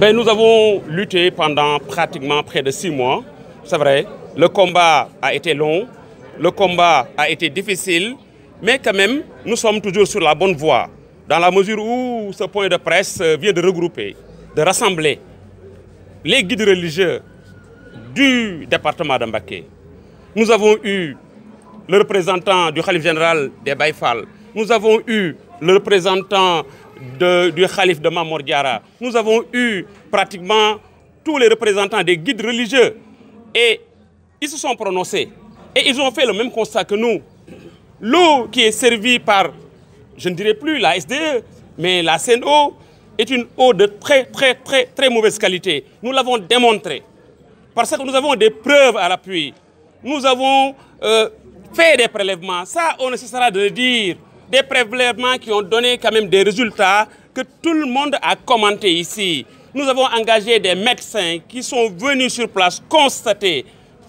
Ben, nous avons lutté pendant pratiquement près de six mois, c'est vrai. Le combat a été long, le combat a été difficile, mais quand même, nous sommes toujours sur la bonne voie, dans la mesure où ce point de presse vient de regrouper, de rassembler les guides religieux du département d'Ambaké. Nous avons eu le représentant du Khalif général des Baïfal, nous avons eu le représentant de, du Khalif de Mamor Diara. Nous avons eu pratiquement tous les représentants des guides religieux et ils se sont prononcés et ils ont fait le même constat que nous. L'eau qui est servie par, je ne dirais plus la SDE, mais la CNO est une eau de très, très, très, très mauvaise qualité. Nous l'avons démontré parce que nous avons des preuves à l'appui. Nous avons euh, fait des prélèvements. Ça, on ne cessera de le dire. des prélèvements qui ont donné quand même des résultats que tout le monde a commenté ici. Nous avons engagé des médecins qui sont venus sur place constater,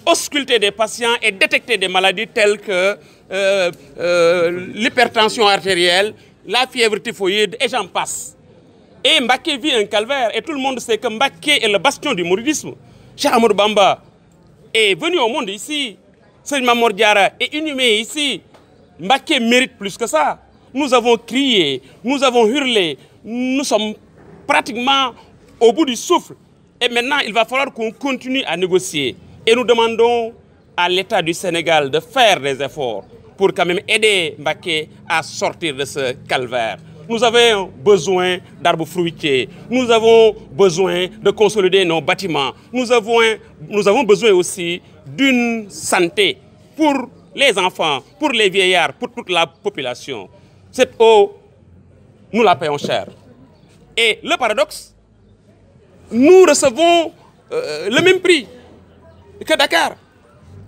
ausculter des patients et détecter des maladies telles que euh, euh l'hypertension artérielle, la fièvre typhoïde et j'en passe. Et Mbaké vit un calvaire et tout le monde sait que Mbaké est le bastion du mouridisme. Cheikh Amadou Bamba est venu au monde ici. Seigneur Mamor Diara est ici. Mbaké mérite plus que ça. Nous avons crié, nous avons hurlé, nous sommes pratiquement au bout du souffle. Et maintenant, il va falloir qu'on continue à négocier. Et nous demandons à l'État du Sénégal de faire des efforts pour quand même aider Mbaké à sortir de ce calvaire. Nous avons besoin d'arbres fruitiers, nous avons besoin d'une santé les enfants, pour les vieillards, pour toute la population. Cette eau, nous la payons cher. Et le paradoxe, nous recevons euh, le même prix que Dakar.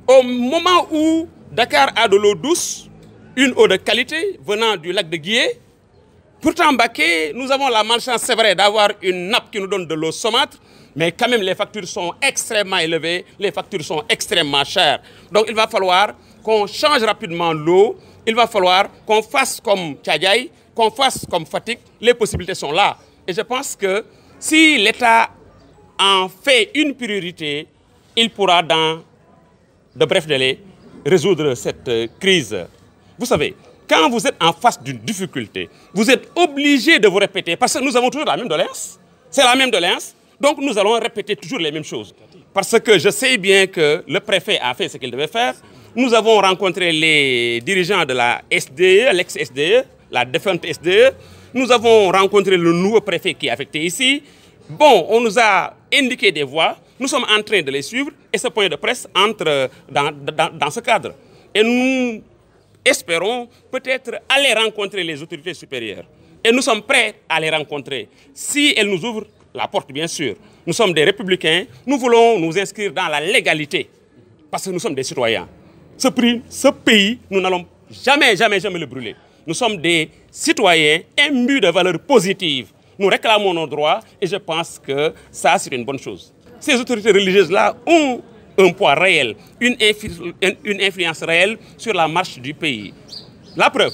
Au moment où Dakar a de l'eau douce, une eau de qualité venant du lac de Guillet, pourtant Baké, nous avons la malchance, c'est vrai, d'avoir une nappe qui nous donne de l'eau saumâtre, mais quand même les factures sont extrêmement élevées, les factures sont extrêmement chères. Donc il va falloir qu'on change rapidement l'eau, il va falloir qu'on fasse comme Tchadjaï, qu'on fasse comme Fatik. Les possibilités sont là. Et je pense que si l'État en fait une priorité, il pourra dans de brefs délais résoudre cette euh, crise. Vous savez, quand vous êtes en face d'une difficulté, vous êtes obligé de vous répéter parce que nous avons toujours la même doléance. C'est la même doléance. Donc nous allons répéter toujours les mêmes choses. Parce que je sais bien que le préfet a fait ce qu'il devait faire. Nous avons rencontré les dirigeants de la SDE, l'ex-SDE, la défunte SDE. Nous avons rencontré le nouveau préfet qui est affecté ici. Bon, on nous a indiqué des voies. Nous sommes en train de les suivre et ce point de presse entre dans, dans, dans ce cadre. Et nous espérons peut-être aller rencontrer les autorités supérieures. Et nous sommes prêts à les rencontrer, si elles nous ouvrent la porte, bien sûr. Nous sommes des républicains, nous voulons nous inscrire dans la légalité, parce que nous sommes des citoyens. ce prix, ce pays, nous n'allons jamais, jamais, jamais le brûler. Nous sommes des citoyens imbus de valeurs positives. Nous réclamons nos droits et je pense que ça, c'est une bonne chose. Ces autorités religieuses-là ont un poids réel, une, influ une influence réelle sur la marche du pays. La preuve,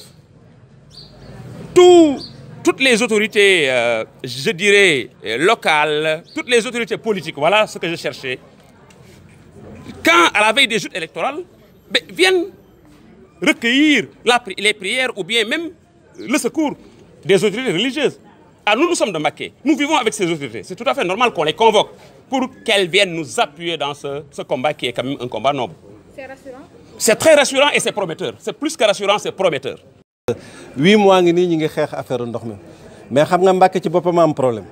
tout, toutes les autorités, euh, je dirais, locales, toutes les autorités politiques, voilà ce que je cherchais. Quand, à la veille des joutes électorales, viennent recueillir la, les prières ou bien même euh, le secours des autorités religieuses. Alors ah, nous, nous sommes de Maquet. Nous vivons avec ces autorités. C'est tout à fait normal qu'on les convoque pour qu'elles viennent nous appuyer dans ce, combat qui est quand même un combat noble. C'est rassurant très rassurant et c'est prometteur. C'est plus que rassurant, c'est prometteur. 8 mois, nous xeex affaire ndox mi mais xam nga Mbàkke ci boppam am problème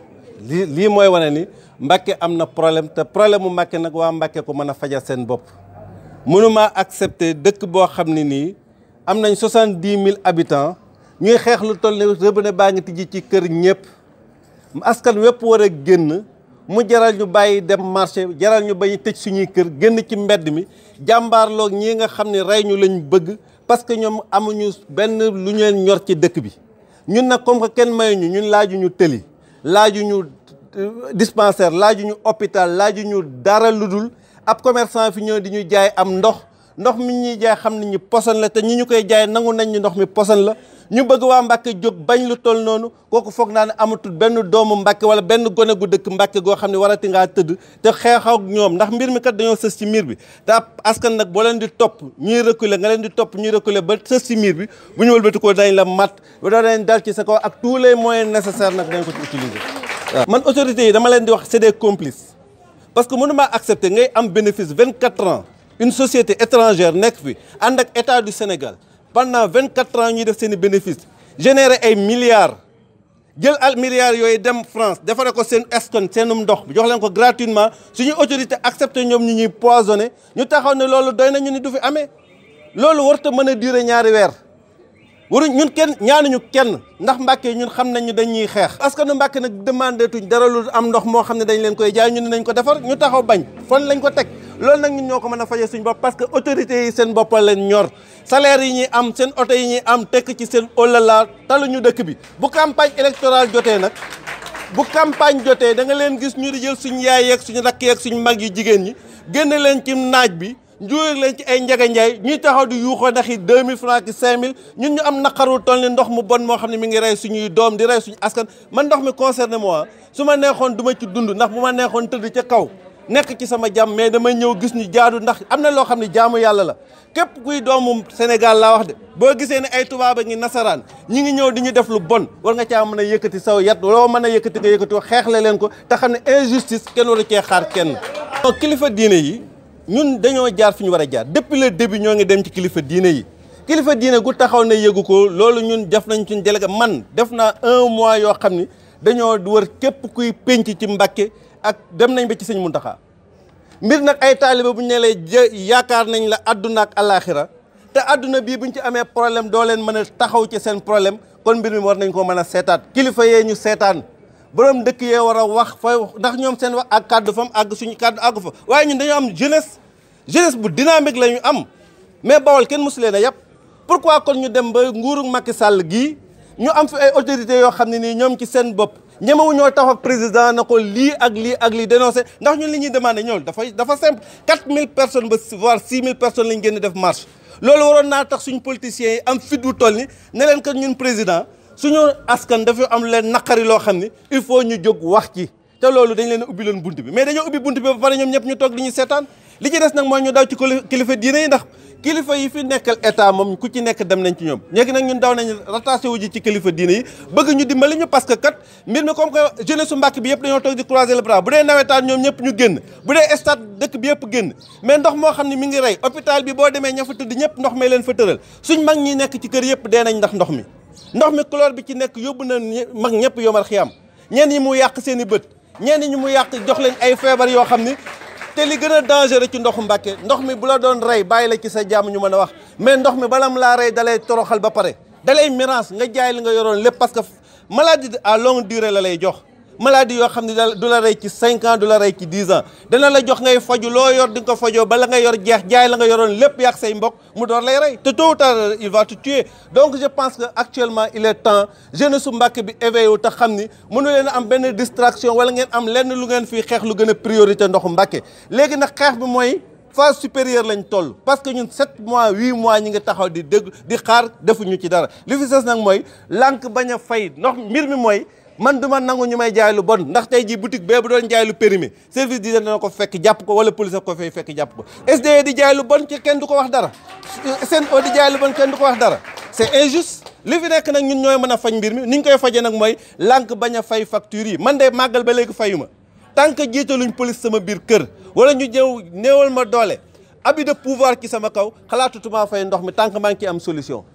lii lii mooy wane ni Mbàkke am na problème te problème mu Mbàkke nag waa Mbàkke ko mën a fajal seen bopp mënuma accepter dëkk boo xam ne nii am nañ soixante dix mille habitants ñuy xeex lu toll ne robinet baa ngi tijji ci kër ñëpp askan wépp war a génn mu jaral ñu bàyyi dem marché jaral ñu bañ tëj suñuy kër génn ci mbedd mi loog ñii nga xam ne rey ñu lañu bëgg parce que ñoom amuñu benn lu ñu leen ñor ci dëkk bi ñun nag comme que kenn mayuñu ñun laajuñu tëli laajuñu dispensaire laajuñu hôpital laajuñu dara lu dul ab commerçant fi ñëw di ñu jaay am ndox ndox mi ñu jaay xam nañ ñu poson la te ñi ñu koy jaay nangu nañ ñu ndox mi poson la ñu bëgg waa Mbàkke jóg bañ lu toll noonu kooku foog naa ne amatul benn doomu Mbàkke wala benn gone gu dëkk Mbàkke goo xam ne warati ngaa tëdd te xeexaw ñoom ndax mbir mi kat dañoo sës ci miir bi te askan nag boo leen di topp ñuy reculer nga leen di topp ñuy reculer ba sës ci miir bi bu ñu wëlbati ko dañ la mat ba dañ dal ci sa ak tous les moyens nécessaires nag man autorités yi dama leen di wax c'est des complices parce que mënuma accepter ngay am bénéfice vingt quatre ans une société étrangère nekk fi ànd ak état du Sénégal pendant vingt quatre ans ñuy def seen i bénéfice générer ay milliards jël al milliards yooyu dem France defaree ko seen escon seenum ndox jox leen ko gratuitement suñu autorité accepter ñoom ñu ñuy poisonné ñu taxaw ne loolu doy na ñu ni du fi amee loolu warta mën a durer ñaari weer waruñ ñun kenn ñaanuñu kenn ndax Mbàkke ñun xam nañu dañuy xeex askanu Mbàkke nag demandé tuñ dara lu am ndox moo xam ne dañ leen koy jaay ñun ne nañ ko defar ñu taxaw bañ fan lañ ko teg loolu nag ñun ñoo ko mën a fajee suñ bopp parce que autorités yi seen boppa leen ñor salaire yi ñuy am seen oto yi ñuy am tekk ci seen olala ñu dëkk bi bu campagne électorale jotee nag bu campagne jotee da nga leen gis ñu di jël suñ yaay yeeg suñu rakk yeeg suñu mag yu jigéen ñi génn leen ci naaj bi njuuyeeg leen ci ay njege njaay ñuy taxaw di yuuxoo ndax yi 2000 francs ki 5000 ñun ñu am naqarul toll ni ndox mu bon moo xam ne mi ngi rey suñuy doom di rey suñu askan ma ndox mi concerné moi su ma neexoon duma ci dund ndax bu ma neexoon tëdd ca kaw nekk ci sama jàmm mais damay ñëw gis ñu jaadu ndax am na loo xam ne jaamu yàlla la képp kuy doomum Sénégal laa wax de boo gisee ne ay tubaab a ngi nasaraan ñi ngi ñëw di ñu def lu bon war nga caa mën a yëkkati saw yat loo mën a yëkkati nga yëkkati ko xeexle leen ko te xam ne injustice kenn waru cee xaar kenn kilifa diine yi ñun dañoo jaar fi ñu war a jaar depuis le début ñoo ngi dem ci kilifa diine yi kilifa diine gu taxaw na yëgu ko loolu ñun def nañ suñ délégué man def naa un mois yoo xam ni dañoo wër képp kuy pénc ci Mbàkke ak dem nañ ba ci sëñ Muntaxa mbir nag ay taaliba bu ñu ne lay yaakaar nañ la àdduna ak alaaxira te àdduna bii bu ñu ci amee problème doo leen mën a taxaw ci seen problème kon mbir mi war nañ ko mën a seetaat kilifa yee ñu seetaan borom dëkk yee war a wax fa ndax ñoom seen wax ak kàddu fam àgg suñu kàddu àgg fa waaye ñun dañu am jeunesse jeunesse bu dynamique la ñu am mais Bawol kenn mosu leen a yàpp pourquoi kon ñu dem ba nguuru Macky Sall gii ñu am fi ay autorités yoo xam ne nii ñoom ci seen bopp ñemewu ñoo tax ak président na ko lii ak lii ak lii dénoncé ndax ñun li ñuy demandé ñoom dafay dafa simple 4000 personnes ba voire 6000 personnes lañ génn def marche loolu waroon naa tax suñu politiciens yi am fit wu toll que ñun président suñu askan dafa am leen naqari loo xam ni il faut ñu jóg wax ci te loolu dañ leen ubbi leen bunt bi mais dañoo ubbi bunt bi ba pare ñoom ñëpp ñu toog di ñu seetaan li ci des nag mooy ñu daw ci kilifa fi nekkal état moom ku ci nekk dem nañ ci ñoom léegi nag daw nañ rattaché wu ji ci kilifa diine yi bëgg ñu dimbali ñu parce que kat mbir mi comme que jeunesse su Mbàkke bi yëpp dañoo toog di croiser le bras bu dee nawetaan ñoom ñëpp ñu génn bu dee stade dëkk bi yëpp génn mais ndox moo xam ne mi ngi rey hôpital bi boo demee ña fa tëdd ñëpp ndox may leen fa tëral suñ mag ñi nekk ci kër yëpp dee nañ ndax ndox mi ndox mi couleur bi ci nekk yóbbu na mag ñëpp yomal xiyam ñenn ñi mu yàq seen i bët ñenn ñi mu yàq jox leen ay feebar yoo xam ni te li gën a dangereux ci ndoxu Mbàkke ndox mi bu la doon rey bàyyi la ci sa jàmm ñu mën a wax mais ndox mi balam laa rey dalay toroxal ba pare dalay mirage nga jaay li nga yoroon lépp parce que maladie à longue durée la lay jox maladie yoo xam ne daal du la rey ci cinq ans du la rey ci dix ans dana la jox ngay faju loo yor di nga ko fajoo bala nga yor jeex jaay la nga yoroon lépp yàq say mbokk mu door lay rey te tôt ou tard euh, il va te donc je pense que actuellement il est temps jeunesse su Mbàkke bi éveillé wu te xam ni mënu leen am benn distraction wala ngeen am lenn lu ngeen fii xeex lu gën a priorité ndoxu Mbàkke léegi nag xeex bi mooy phase supérieure lañ toll parce que ñun sept mois huit mois ñi nga taxaw di dégg di xaar defuñu ci dara li fi sës nag mooy lànk bañ a fay ndox mbir mi mooy man du ma nangu ñu may jaay bon ndax tey ji boutique bee bu doon jaay lu périmé service d'hygiène dana ko fekk jàpp ko wala police ko fay fekk jàpp ko SDE di jaay lu bon kenn du ko wax dara SNO di jaay lu bon kenn du ko wax dara c'est injuste li fi nekk nag ñun ñooy mën a fañ mbir mi ni koy fajee nag mooy lànk bañ a fay facture yi man de màggal ba léegi fayuma tant que jiitaluñ police sama biir kër wala ñu ñëw néewal ma doole abus de pouvoir ci sama kaw xalaatutuma fay ndox mi tant maa ngi ciy am solution